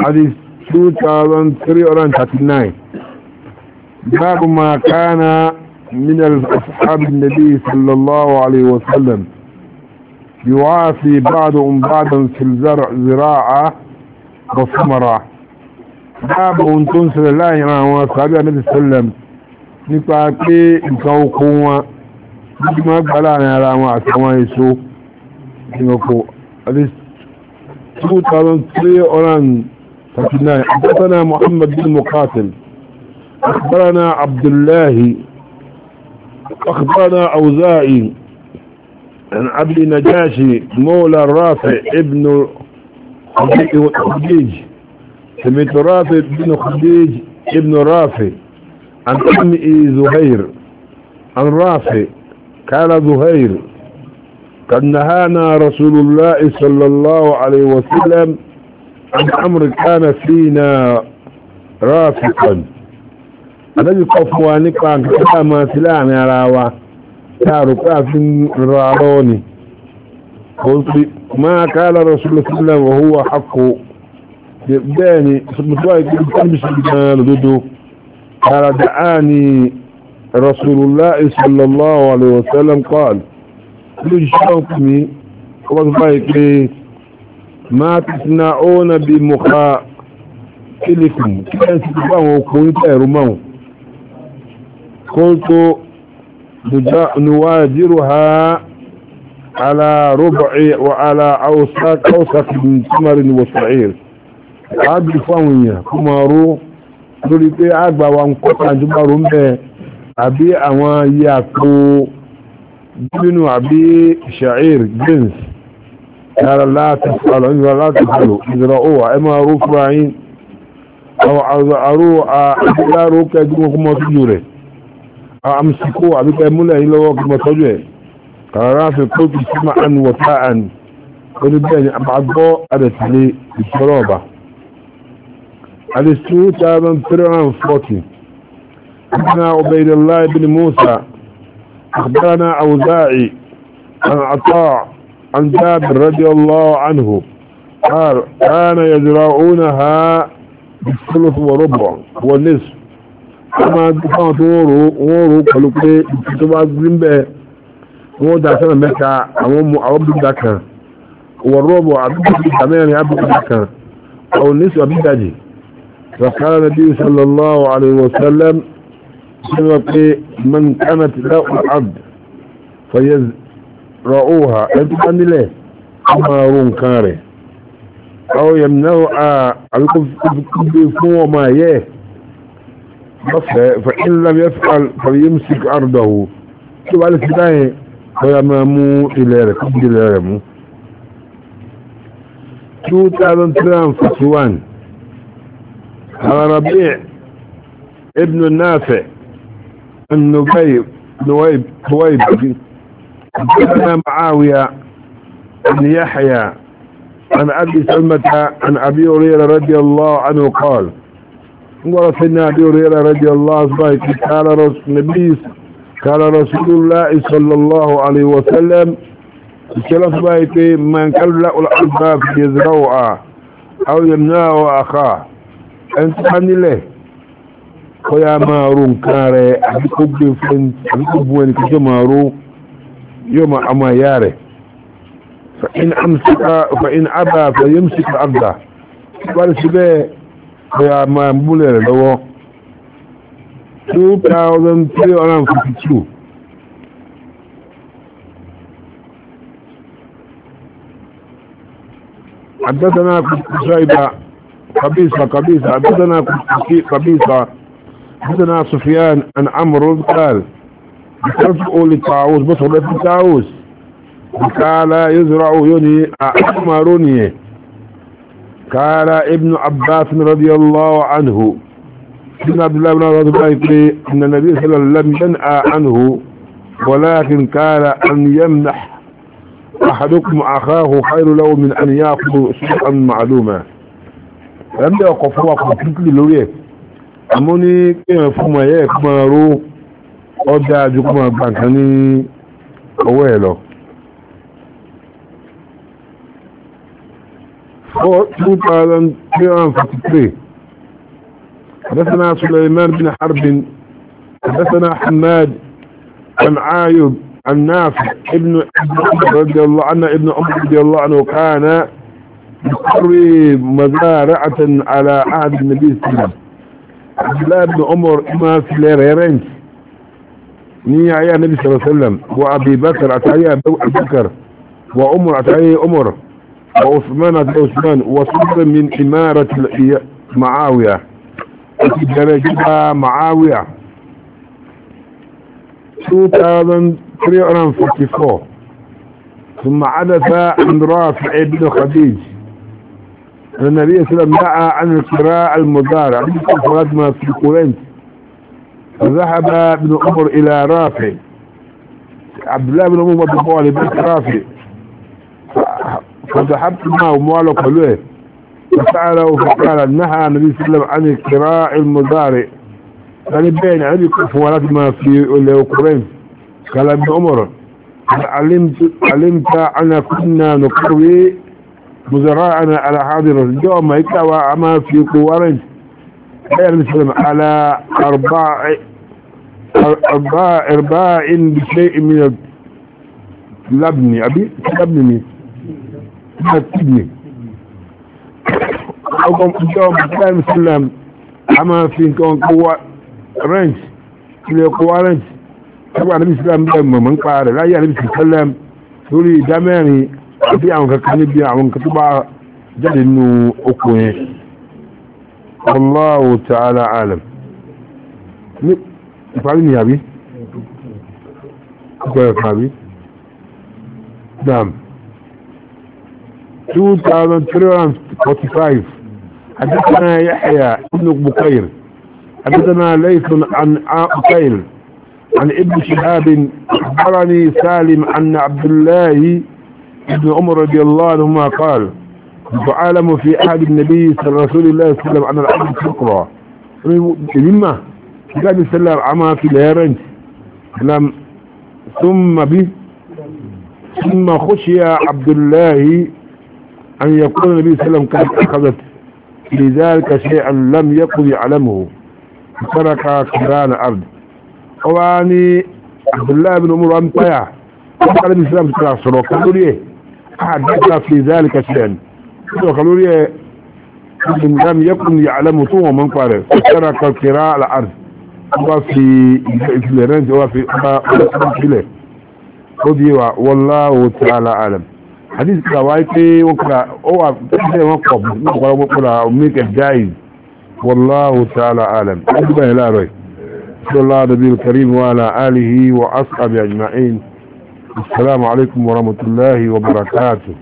hadith 2339 باب ما كان من أصحاب النبي صلى الله عليه وسلم يوافي بعضهم بعضا في الزرع زراعة والثمرة باب تنسل الله يرى وصحابي النبي صلى الله عليه وسلم nípa pé nǹkan oko wọn nígbà máa gbà láàrin ara wọn àti àwọn èso ìrìnàpò 2339 فكنا حدثنا محمد بن مقاتل أخبرنا عبد الله أخبرنا أوزائي عن عبد نجاشي مولى رافع ابن خديج سميت رافع بن خديج ابن رافع عن أم زهير عن رافع قال زهير قد نهانا رسول الله صلى الله عليه وسلم عن أمر كان فينا رافقا الذي قفوا نقرا كما سلام يا راوا تارك في راروني قلت ما قال رسول الله وهو حقه يبداني سبتوا يقول تلبس الجمال ضده قال دعاني رسول الله صلى الله عليه وسلم قال لجي شوقني وقال ma tisna'una bi mukhatilikum kí ẹ̀ sì gbọ́ àwọn ọkùnrin tẹ̀rù mọ́ kótó nuwajiruha ala rubu'i wa ala awsaq awsaq min tamarin wa sa'ir àbí fáwọn èèyàn kó máa ró lórí pé àgbà wa ń kọ́ta àjọba rò ń bẹ àbí àwọn iye àpò àbí sha'ir grains قال لا تفعلوا إذا لا تفعلوا إذرأوا إما رفعين أو أروا لا روك يجبكم وتجوره أمسكوه أبيك أمولا إلا ما تجوه قال رافي قلت سمعا وطاعا ونبيني أبعضوا أبت لي الشرابة الاسو تابا فرعان فوتي ابن عبيد الله بن موسى أخبرنا أوزاعي عن عطاء عن جابر رضي الله عنه قال كان يزرعونها بالثلث وربع والنصف كما دفعت ورو ورو قالوا كده تبقى زنبه هو ده سنه مكه او عبد ذاك والربع عبد كمان عبد ذاك او النصف عبد ذاك فقال النبي صلى الله عليه وسلم من كانت له العبد فيز ra'uha ẹ̀tù bá nílẹ̀ a máa rú nǹkan rẹ̀ àwọn yẹn náà a àbíkúgbé fún ọmọ ayẹ́ lọ́fẹ̀ẹ́ fẹ̀yìn lábẹ́ fàríyìn sí àrùdọ̀wò tí wà lè fi dáyẹn lọ́yà máa mú ilẹ̀ rẹ̀ kó bí ilẹ̀ rẹ̀ mú 2341 على ربيع ابن النافع النبيب نويب نويب حدثنا معاوية بن يحيى عن عبد سلمة عن أبي هريرة رضي الله عنه قال ورثنا أبي هريرة رضي الله عنه قال رسول النبي قال رسول الله صلى الله عليه وسلم الشرف بايتي من كلا الأرض في يزرعها أو يمنع أخاه أنت حني له ويا مارون كاري أبي كبين فنت أبي كبين فنت يوم أما ياره فإن أمسك فإن أبى فيمسك عبده قال سبيه يا ما مولر لو 2352 حدثنا قبيصة قبيصة قبيصة حدثنا قبيصة حدثنا سفيان عن عمرو قال بترفعوا للطاووس بصروا للطاووس قال يزرعوا يوني أعمروني قال ابن عباس رضي الله عنه ابن عبد الله بن رضي الله عنه ان النبي صلى الله عليه وسلم ينأى عنه ولكن قال ان يمنح احدكم اخاه خير له من ان ياخذ شيئا معلوما لم يقف هو قلت لي لوريه اموني كيف ما يكبروا ó dáa ju kó máa gbà kan ní owó ẹ̀ lọ. two thousand three hundred forty three حدثنا سليمان بن حرب حدثنا حماد عن عايب عن نافع ابن عمر رضي الله عنه ابن عمر رضي الله عنه كان يقري مزارعة على عهد النبي صلى الله عليه وسلم عبد الله بن عمر ما في ليرينس ني يا آية النبي صلى الله عليه وسلم وابي بكر عتايا ابو بكر وعمر عتايا عمر وعثمان آية عثمان وصف من امارة معاوية جبا معاوية 2344 ثم عدث عن رافع بن خديج النبي صلى الله عليه وسلم دعا عن القراءة المضارع صلاة ما في ذهب ابن عمر إلى رافع عبد الله بن عمر بن طالب رافع فذهبت معه مالك له فسأله فقال نهى النبي صلى الله عليه وسلم عن القراء المضارع يعني بين علي كفوالات ما في الأوكرين قال ابن عمر علمت علمت أنا كنا نقوي مزرعنا على حاضر اليوم يكتوى ما في قوارين قال عليه على أربع أربعة أربعة إن بشيء من لبني أبي لبن من التبن أقوم أجاوب بكلام السلام أما في كون قوة رنج إلى قوة رنج طبعا النبي صلى الله عليه من قال لا يا النبي صلى سوري دماني أبي عن كان يبي عن كتب جد إنه أكوين الله تعالى عالم ìparí 2345 حدثنا يحيى ابن بكير حدثنا ليث عن عقيل عن ابن شهاب اخبرني سالم عن عبد الله ابن عمر رضي الله عنهما قال تعالم في عهد النبي صلى الله عليه وسلم عن العبد الكبرى مما النبي صلى الله عليه وسلم عمى في الهرنج لم ثم به ثم خشي عبد الله أن يكون النبي صلى الله عليه وسلم قد أخذت لذلك شيئا لم يقض يعلمه ترك قران الأرض واني عبد الله بن عمر أنطيع قال النبي صلى الله عليه وسلم قالوا لي إيه؟ أحدث في ذلك شيئا قالوا لي إيه؟ لم يكن يعلم طوما من قال ترك قراء الأرض ọba fi ìfilẹ̀ rẹ̀ ọba fi ọba ìfilẹ̀ ó di wa wallahu ta'ala alam hadith kura wa pé wọ́n kura ó wà pẹ́lẹ̀ wọn kọ̀ ní ọ̀pọ̀lọpọ̀ wọ́n kura make a jai wallahu ta'ala alam ó dúpẹ́ yẹn láàárọ̀ sallallahu nabiyil karim wa ala alihi wa ashabi ajma'in assalamu alaikum wa rahmatullahi wa barakatuh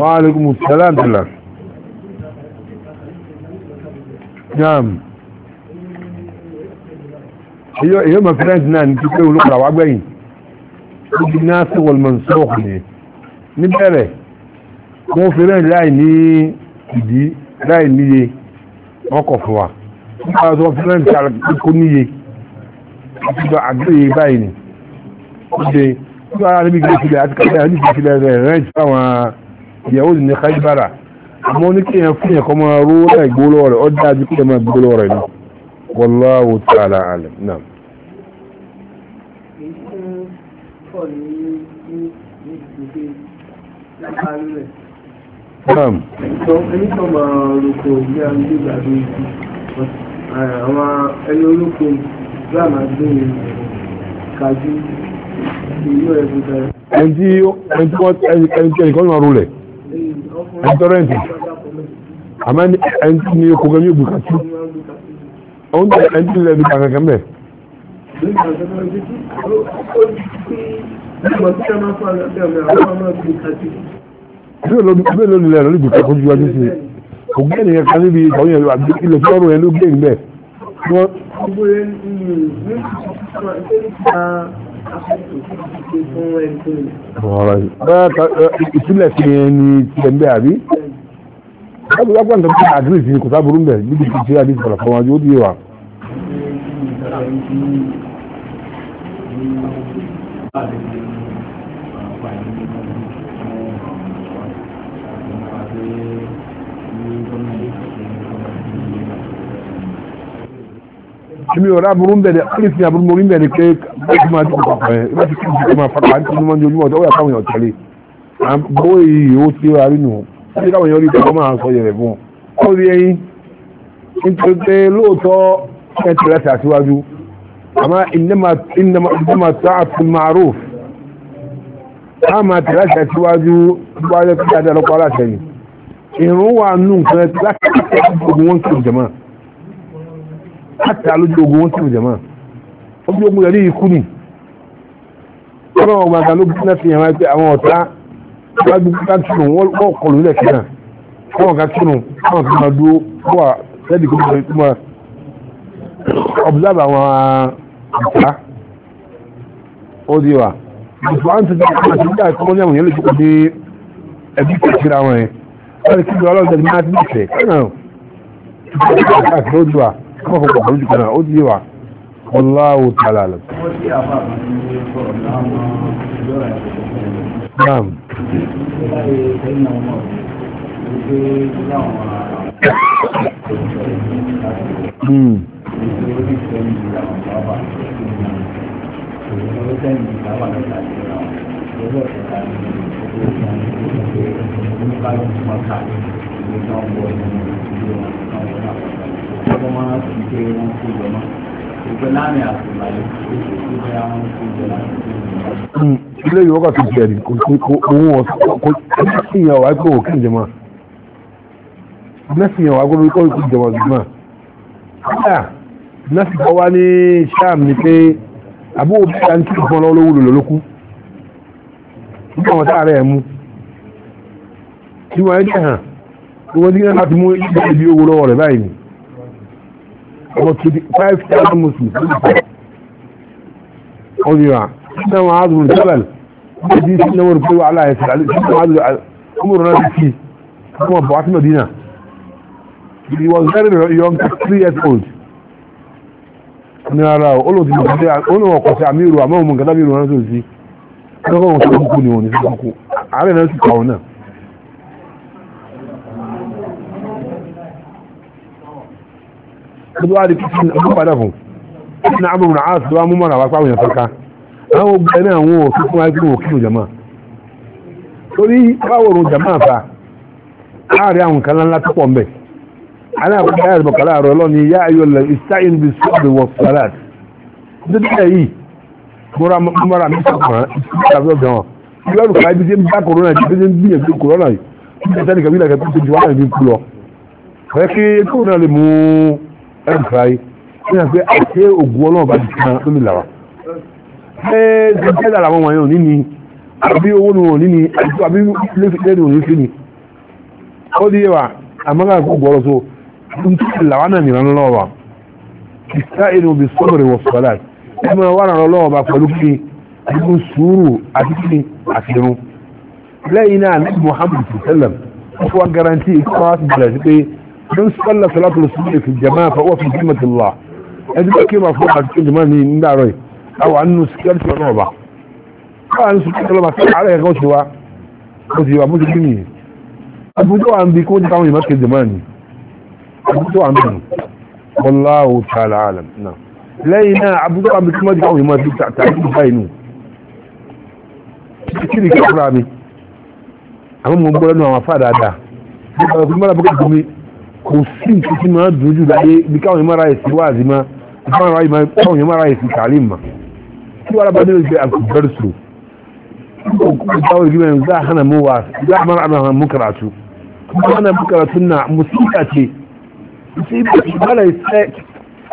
وعليكم السلام بالله نعم هي هي ما فرنت نان كيو لو قرا واغبين الناس والمنسوخ ني نبره mo fẹ́rẹ̀ láì ní ìdí láì níye ọkọ̀ fún wa nípa tó fẹ́rẹ̀ ní àkókò níye àti gba àgbéyé báyìí ni ó ṣe tí wọ́n á níbi ìgbésílẹ̀ àti kàbẹ́ àti ìgbésílẹ̀ rẹ̀ rẹ̀ ń ìyàwó ní kájúbára àmọ́ ní kí èèyàn fún ẹ̀kọ́ máa ró láì gbólọ́ rẹ̀ ó dájú kí ẹ máa gbólọ́ rẹ̀ lọ wallahu ta'ala alam náà. Naam. Sọ ẹni tó máa roko bí a ń gbé gbàgbé ibi, àwọn ẹni olóko bá máa gbé kájú ìlú ẹ̀bùdá. Ẹni ẹni tí wọ́n ẹni tí ẹni kan máa rú rẹ̀ ẹ̀ntọ́rẹ́ntì àmọ́ ẹ̀ntì ni okùn kan yóò gbù kàtí òun tẹ ẹ̀ntì lẹ̀ ní kàkà kẹ́mẹ̀. bẹ́ẹ̀ ló ní lẹ́nu lójú kẹ́kọ̀ọ́ ju wájú sí ògbé ènìyàn kan níbi ìtọ́jú yẹn àbí ilẹ̀ tí ọrùn yẹn ló gbé ń bẹ̀ ìtúlẹ̀ sí ẹni tí ẹ̀ ń bẹ́ àbí láti wá gbọ́ǹtọ̀ bí àgírí sí kò sáburú ń bẹ̀ níbi tí tí àdìsí ọ̀rọ̀ fún wájú ó dìé wa. Thank you. èmi ò rà burú bẹ̀rẹ̀ ọ́lẹ́sìn àbúrú mo rí bẹ̀rẹ̀ pé báyìí máa dùn papọ̀ ẹ̀ bá ti kí nǹkan máa fapá ní ọmọ ní ojúmọ̀ ọ̀dọ́ káwọn èèyàn tẹ̀lé àbúrò yìí ó ti rà rí nù ṣé káwọn èèyàn rí i kọ́ máa sọ yẹ̀rẹ̀ fún ọ rí ẹyin nítorí pé lóòótọ́ ẹ̀ tẹ̀lé àti àṣíwájú àmọ́ ìnáma sáàtì ma'ruf á máa tẹ̀lé àti àṣíwájú wáyé kí àti alójú ogun wọn sì wù jẹ̀mọ́ ojú ogun yẹn ní ikú ni ọlọ́run ọgbà kan ló bí náà fi hàn wáyé pé àwọn ọ̀tá wọ́n gbé ká túnú wọ́n kọlù nílẹ̀ kí náà wọ́n ká túnú wọ́n fi máa dúró wọ́n wà lẹ́dí kó tó tó máa ọ̀bùdábà àwọn ọ̀tá ó di wa ìfọ̀ àǹtí tó kọ́ àti nígbà tó ní àwọn yẹn lè tó kọ́ dé ẹbí kẹsìrì àwọn yẹn wọ́n ti kí kọ́kọ́ kọ́kọ́ kọ́kọ́ jùkọ́ náà ó di wà ọláwò tààlà lọ. Naam. Hmm wọ́n máa ń fi pé wọ́n kó jọ náà ìgbẹ́ láàrin àtìgbà yìí ó ṣe kí bẹ́ẹ̀ wọ́n kó jọ láti fi hàn. Hmm, ilé yìí wọ́n kà ti jẹ̀rì kò sí owó ọ̀sán kò sí ìyẹn wàá kó òkè ìjẹ̀mọ́ mẹ́sìn ìyẹn wàá kó òkè ìjẹ̀mọ́ ìjẹ̀mọ́ kódà nọ́ọ̀sì kan wá ní sham ni pé àbúrò bí a ń kí ìfọ́n lọ́wọ́ lówó lòlókú nígbà wọn táàrẹ̀ ẹ̀ mú tí wọ́n ẹ̀ dẹ̀ hàn wọ́n ní láti mú ibi owó lọ́wọ́ rẹ̀ báyìí ọmọ twenty five thousand muslims ló ń bọ̀ ọdúnwà sínú àwọn àdùn ìjọbẹ̀lì wọ́n ti sínú àwọn olùkọ́ wà láàyè sí àlè sínú àwọn àdùn ọmọrùn náà ti kí wọ́n bọ̀ àti Medina he was very young three years old ní ara olóòtú mọ̀kàtí olóòkọ̀tí àmì ìrù àmọ́ òmùnkàtà mi ìrù náà tó sí ọlọ́kọ̀ wọn sọ fún kú ni wọn ní sọ fún kú àárẹ̀ náà sì kọ̀ náà gbogbo wa di kìtì ọdún padà fún ní àmúrùn àásù wa mú mọ́ra wá pàwọn èèyàn sọ́ká àwọn ogun ẹni àwọn òfin fún wáyé fún òkìlò jama torí báwòrán jama fa láàrin àwọn kan ńlá tó pọ̀ mbẹ̀ aláàkọ́kọ́ ayé àdìbò kàlá àrọ̀ lọ́ni yá ayọ̀ lẹ̀ ìsáyìn bí sọ́ọ̀dì wọ̀ sàlát nítorí ẹ̀ yìí mọ́ra mọ́ra mi sọ̀kan ìsúkàtà gan wọn ìlọ́rù kan ibi tí ń bá kòrónà ibi ẹ̀rùfàáyé nígbà pé àṣẹ ògùn ọlọ́ọ̀bá ti kan lómi làwà ẹ́ ṣẹ́jẹ́ lára wọn wọ̀nyí òní ni àbí owó ni òní ni àjọ àbí lẹ́nu òní sí ni ó di wa àmọ́gà kó gbọ́rọ̀ so tuntun làwà náà nìran lọ́wọ́ kìsá inú bí sọ́bẹ̀rẹ̀ wọ sọ́lá ẹ máa wà ràn lọ́wọ́ pẹ̀lú kí àdúgbò sùúrù àti kí àti irun lẹ́yìn náà ní Muhammad sallam ó fọ́ garanti ikú wa ti bẹ̀rẹ̀ sí pé من صلى صلاة الصبح في الجماعة فهو في ذمة الله هذا كيف مفروض على الجماعة نعرف أو عنه سكرت ونوبة أو عنه سكرت ونوبة عليه غوثوا غوثوا مسلمين أبدو عن بيكون تعمل يمكن الجماعة أبدو عن بيكون والله تعالى عالم نعم لينا أبدو عن بيكون ما تعمل يمكن تعمل باينو كيري كفرامي أمام مبولانو عمفادة دا أبدو عن بيكون kò sí nǹkan tí máa dùn jù láyé bí káwọn ìmọ̀ra ẹ̀sìn wà àzìmá káwọn ìmọ̀ra ẹ̀sìn kàlí mà tí wàrà bá nílò ìgbé àkùbẹ́rùsù kawai riwayan za a hana muwa za a mara ana mu karatu kuma hana mu karatu na musika ce musiba ce mara ya tsaye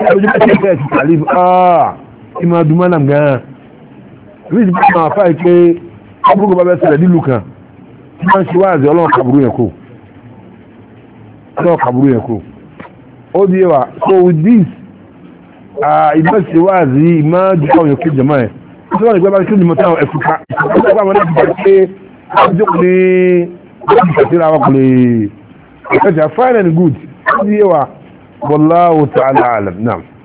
ya wuce kace kai ci talib a ima duma nan ga riz ba ma fa ke abugo ba ba sai da diluka kuma shi wa zai Allah kaburu ya ko náà kàbúrú yẹn kúrò ó di wa so with this ìbá ṣe wá sí ìmá jùlọ òyìn kí jẹmọ́ ẹ̀ tí wọ́n ìgbẹ́ bá kí jùmọ̀ táwọn ẹ̀fùká ìgbà wọn láti bàtí pé wọ́n jókòó ní wọ́n ti ṣàtìlá wọn kò lè fine and good ó di wa wallahu ta'ala alam náà